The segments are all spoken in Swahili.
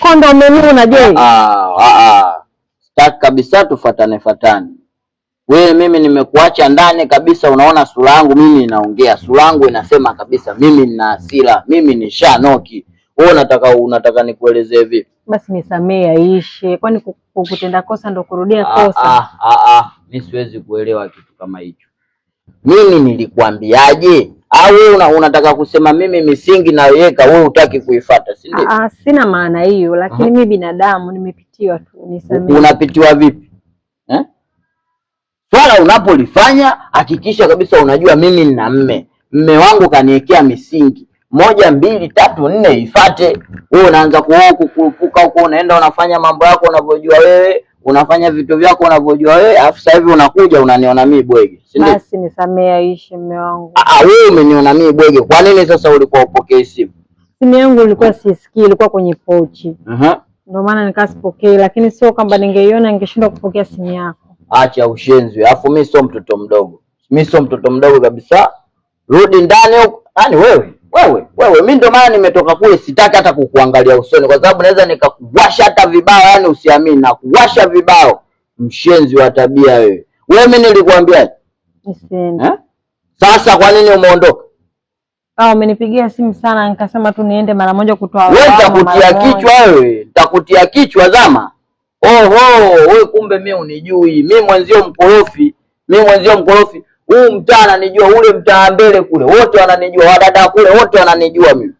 Kondo umenuna je? Sitaki kabisa tufatane fatani. Wewe mimi nimekuacha ndani kabisa, unaona sura yangu mimi inaongea, sura yangu inasema kabisa, mimi nina hasira, mimi ni shanoki. Wewe unataka unataka nikuelezee vipi? Basi nisamee aishe, kwani kukutenda kosa ndo kurudia ah, kosa? Ah, ah, ah, mimi siwezi kuelewa kitu kama hicho. Mimi nilikuambiaje? au una, unataka kusema mimi misingi nayoweka wewe hutaki kuifuata, si ndio? Ah, sina maana hiyo, lakini mimi binadamu nimepitiwa tu, nisamehe. Unapitiwa vipi eh? Swala unapolifanya hakikisha kabisa unajua mimi nina mme, mme wangu kaniwekea misingi moja mbili tatu nne, ifate. Wewe unaanza kukurupuka huko, unaenda unafanya mambo yako unavyojua wewe unafanya vitu vyako unavyojua wewe, afu sasa hivi unakuja unaniona mimi bwege, si ndio? Basi nisamee Aishi, mume wangu. Ah, ah, wewe umeniona mimi bwege, kwa nini sasa ulikuwa upokee simu? Simu yangu ilikuwa sisikii, ilikuwa kwenye pochi. Aha. Ndio maana nikasipokee, lakini sio kwamba ningeiona ningeshindwa kupokea simu yako. Acha ushenzi, alafu mimi sio mtoto mdogo, mimi sio mtoto mdogo kabisa. Rudi ndani huko, yani wewe wewe wewe, mi ndio maana nimetoka kule, sitaki hata kukuangalia usoni, kwa sababu naweza nikakuwasha hata vibao, yani usiamini, na kuwasha vibao. Mshenzi wa tabia wewe. Wewe mimi nilikwambia eh? sasa, kwa nini umeondoka? Ah, umenipigia simu sana, nikasema tu niende mara moja kutoa. Wewe nitakutia kichwa wewe, nitakutia kichwa zama. Oho, wewe kumbe mimi unijui mimi, mwenzio mkorofi, mimi mwenzio mkorofi huu mtaa ananijua, ule mtaa mbele kule wote wananijua, wadada kule wote wananijua mimi.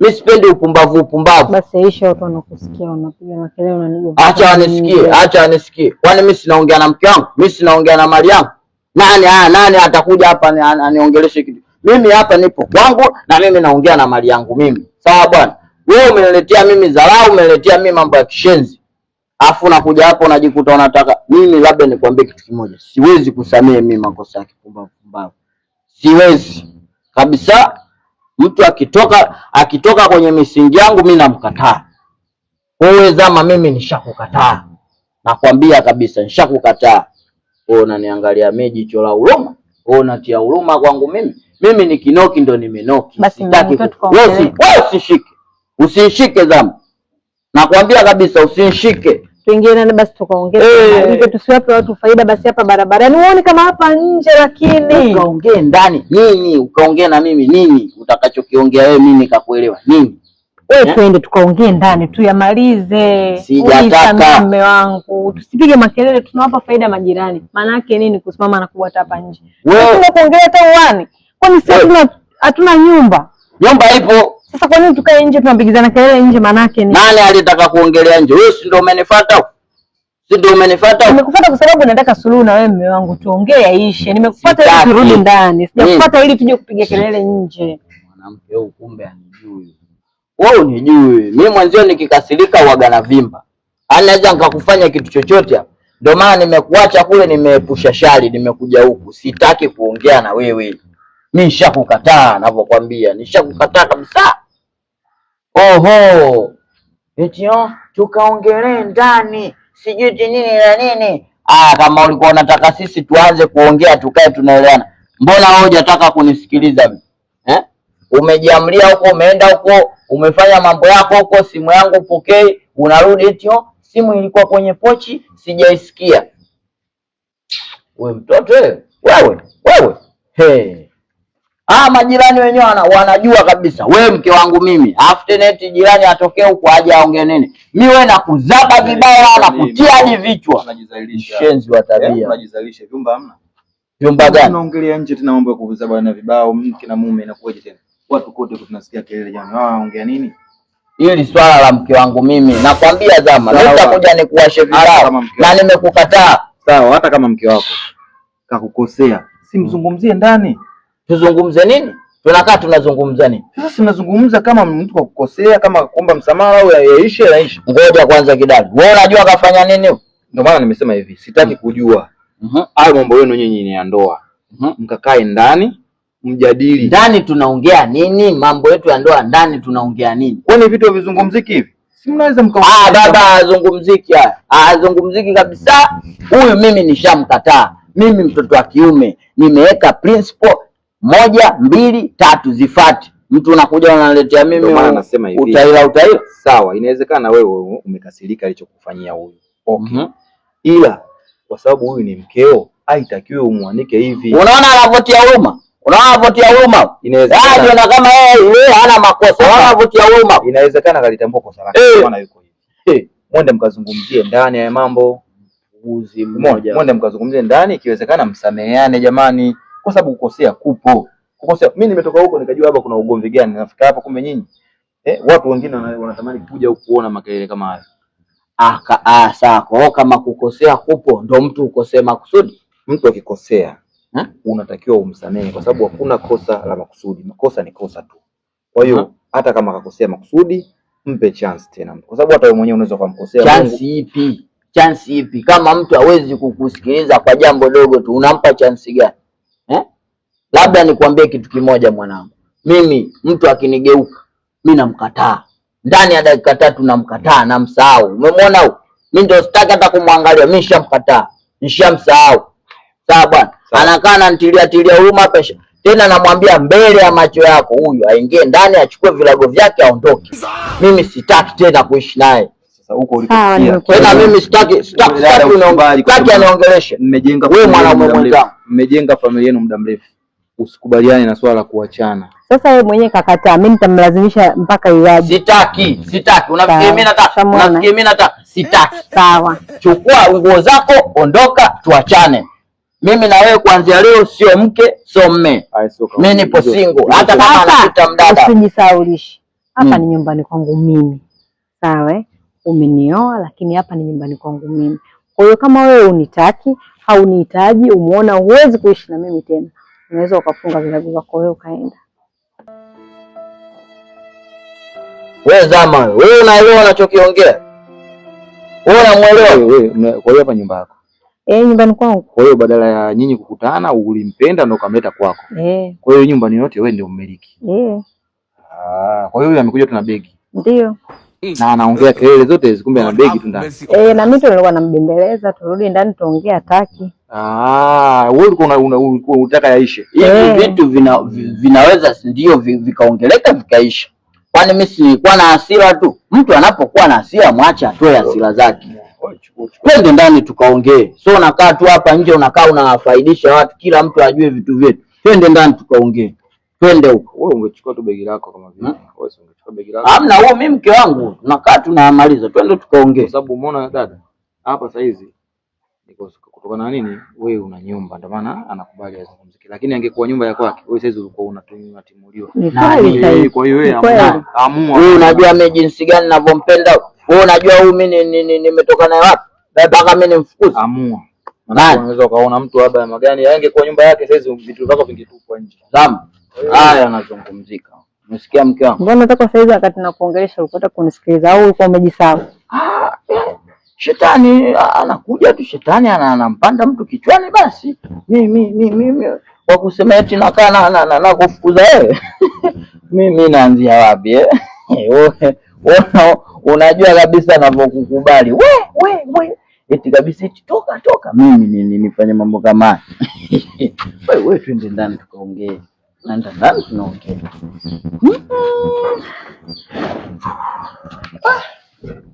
Mimi sipendi upumbavu upumbavu. Basi Aisha, watu wanakusikia unapiga makelele unanigoma. Acha wanisikie, acha wanisikie. Kwani mimi sinaongea na mke wangu? Mimi sinaongea na mali yangu? Nani ah, nani atakuja hapa aniongeleshe kitu? Mimi hapa nipo kwangu na mimi naongea na mali yangu mimi. Sawa bwana. Wewe umeniletea mimi dharau, umeniletea mimi mambo ya kishenzi afu unakuja hapo unajikuta unataka mimi, labda nikwambie kitu kimoja, siwezi kusamehe mimi makosa ya kipumbavu pumbavu, siwezi kabisa. Mtu akitoka akitoka kwenye misingi yangu mimi namkataa. Wewe zama, mimi nishakukataa, nakwambia kabisa, nishakukataa. Wewe unaniangalia mimi jicho la huruma, wewe unatia huruma kwangu mimi. Mimi ni kinoki ndo nimenoki, sitaki wewe, usishike, usishike zama, nakwambia kabisa, usishike pengine basi tukaongea eh. hivyo, tusiwape watu faida basi hapa barabarani, uone kama hapa nje, lakini ukaongee ndani nini, ukaongee na mimi nini, utakachokiongea wewe mimi nikakuelewa nini? Wewe eh? twende tukaongee ndani tuyamalize. Sijataka mume wangu, tusipige makelele, tunawapa faida majirani. Maana yake nini kusimama na kuwata hapa nje? Wewe kuongelea hata uani, kwani sisi hatuna nyumba? Nyumba ipo sasa kwa nini tukae nje tunapigizana kelele nje yake ni? Nani alitaka kuongelea nje? Wewe si ndio umenifuata? Si ndio umenifuata? Nimekufuata kwa sababu nataka suluhu na wewe mume wangu tuongee yaishe. Nimekufuata ili turudi ndani. Hmm. Sijakufuata ili tuje kupiga kelele nje. Mwanamke huyu kumbe anijui. Wewe unijui. Mimi mwanzio nikikasirika huaga na vimba. Anaweza yaani nikakufanya kitu chochote hapa. Ndio maana nimekuacha kule nimeepusha shari nimekuja huku. Sitaki kuongea na wewe mi nishakukataa, navyokwambia nishakukataa kabisa. Oho eti oh, tukaongelee ndani sijui nini na nini. Ah, kama ulikuwa unataka sisi tuanze kuongea tukae tunaelewana, mbona wewe hujataka kunisikiliza eh? Umejiamlia huko, umeenda huko, umefanya mambo yako huko, simu yangu pokei, unarudi eti oh, simu ilikuwa kwenye pochi, sijaisikia. We mtoto wewe, wewe, wewe. Hey. Ah, majirani wenyewe wanajua kabisa, we mke wangu mimi, after net jirani atokee huko aje aongee nini, mi we nakuzaba yaani, vibaya na nakutia yaani, hadi vichwa. Shenzi wa tabia, yaani, Unajizalisha vyumba vyumba gani unaongelea nje tena, mambo ya kuzaba na vibao, mke na mume, inakuwaje tena? Watu kote tunasikia kelele jamani, wanaongea nini? Hili swala la mke wangu mimi, nakwambia Zama, nitakuja nikuwashe vibao na nimekukataa. Sawa, hata kama mke wako kakukosea, simzungumzie mm. ndani tuzungumze nini? Tunakaa tunazungumza nini? Sasa tunazungumza kama mtu kukosea, kama kuomba msamaha au yaishe yaishe. Ngoja kwanza kidali, wewe unajua kafanya nini? Ndio maana nimesema hivi, sitaki mm. kujua mhm. hayo mambo yenu nyinyi ni ya ndoa. Mhm. Mkakae ndani mjadili ndani, tunaongea nini? Mambo yetu ya ndoa ndani tunaongea nini? Kwani vitu havizungumziki hivi? Si mnaweza mka ah, baba hazungumziki haya, ah, hazungumziki kabisa. Mhm. Huyu mimi nishamkataa, mimi mtoto wa kiume nimeweka principle moja mbili tatu zifati. Mtu unakuja unaletea mimi utaila utaila, sawa, inawezekana wewe umekasirika alichokufanyia huyu okay. mm -hmm. ila kwa sababu huyu ni mkeo aitakiwe umwanike hivi. Unaona anavotia huruma, unaona anavotia huruma, inawezekana ah, na kama yeye hana makosa, unaona anavotia huruma, inawezekana kalitambua kosa lake, unaona eh. yuko hivi, eh, mwende mkazungumzie ndani ya mambo, uzi mmoja mwende mkazungumzie ndani, ikiwezekana msameheane jamani kwa sababu kukosea kupo. Kukosea mimi nimetoka huko nikajua hapa kuna ugomvi gani, nafika hapa kumbe nyinyi eh, watu wengine wanatamani kuja huku kuona makelele kama haya. Aka ah, asa kwa kama kukosea kupo, ndo mtu ukosea makusudi. Mtu akikosea eh, unatakiwa umsamehe, kwa sababu hakuna kosa la makusudi. Makosa ni kosa tu. Kwa hiyo hata kama akakosea makusudi, mpe chance tena, kwa sababu hata wewe mwenyewe unaweza kumkosea. Chance ipi? Chance ipi? Kama mtu hawezi kukusikiliza kwa jambo dogo tu, unampa chance gani? Labda nikuambie kitu kimoja mwanangu, mimi mtu akinigeuka mi namkataa ndani ya dakika tatu, namkataa namsahau. Umemwona huyu? Mi ndio sitaki hata kumwangalia, mi nishamkataa nishamsahau. Sawa bwana, anakaa nantilia tilia huruma pesha tena, namwambia mbele ya macho yako, huyu aingie ndani achukue vilago vyake aondoke. Mimi sitaki tena kuishi naye tena, mimi sitaki sitaki, anaongelesha wewe mwanaume mwenzangu, mmejenga familia yenu muda mrefu usikubaliane na swala la kuachana. Sasa wewe mwenyewe kakataa, mimi nitamlazimisha mpaka iwaje. Sitaki, sitaki. Unafikiri mimi nataka? Unafikiri mimi nataka? Sitaki. Sawa, chukua nguo zako, ondoka, tuachane. Mimi na wewe kuanzia leo sio mke, sio mme. Mimi nipo single, hata kama nakuta mdada. Usijisaulishi hapa hmm. ni nyumbani kwangu mimi, sawa? Eh? Umenioa, lakini hapa ni nyumbani kwangu mimi. Kwa hiyo kama wewe unitaki au nihitaji umeona huwezi kuishi na mimi tena unaweza ukafunga vilabu vyako wewe ukaenda. Wewe zama, wewe unaelewa unachokiongea? Wewe unamuelewa? wewe? Kwa hiyo hapa nyumba yako eh? Nyumbani kwangu. Kwa hiyo badala ya nyinyi kukutana, ulimpenda ndio ukamleta kwako eh? Kwa hiyo nyumbani yote wewe ndio mmiliki eh? Ah, kwa hiyo huyu amekuja tu na begi ndio na anaongea kelele zote zikumbe kumbe ana begi tu ndani eh. Na mimi tu nilikuwa nambembeleza, turudi ndani tuongee, ataki Ah, wewe una, unataka yaishe. Hivi yeah. vitu vina, vinaweza ndio vikaongeleka vikaisha. Kwani mimi nilikuwa na hasira tu. Mtu anapokuwa na hasira mwache atoe hasira zake. Twende ndani tukaongee. So unakaa tu hapa nje unakaa unawafaidisha watu, kila mtu ajue vitu vyetu. Twende ndani tukaongee. Twende huko. Wewe ungechukua tu begi lako kama vile. Hmm? Wewe ungechukua begi lako. Hamna, huo mimi mke wangu. tu naamaliza, Twende tukaongee. Kwa sababu umeona dada hapa hizi kutokana na nini, wewe una nyumba, ndio maana anakubali azungumzike. Lakini angekuwa nyumba ya kwake, wewe saizi ulikuwa unatimuliwa. Kwa hiyo wewe amua, wewe unajua mimi jinsi gani ninavyompenda wewe, unajua huyu mimi nimetoka naye wapi mpaka mimi nimfukuze. Amua, unaweza ukaona mtu labda magani angekuwa nyumba yake, saizi vitu vyako vingetupwa nje. Zamu Haya, anazungumzika. Umesikia mke wangu? Mbona nataka saizi wakati nakuongelesha ulikuwa kunisikiliza au ulikuwa umejisahau? Ah, Shetani anakuja tu, shetani anampanda mtu kichwani. Basi mimi mimi mi, kwa kusema eti nakaa na, na, na, na kufukuza wewe mimi naanzia wapi eh? Unajua kabisa anavyokukubali we, we, we. Eti kabisa eti toka toka, mimi nini nifanye mambo kama haya wewe wewe, twende ndani tukaongee na ndani tunaongea hmm? ah.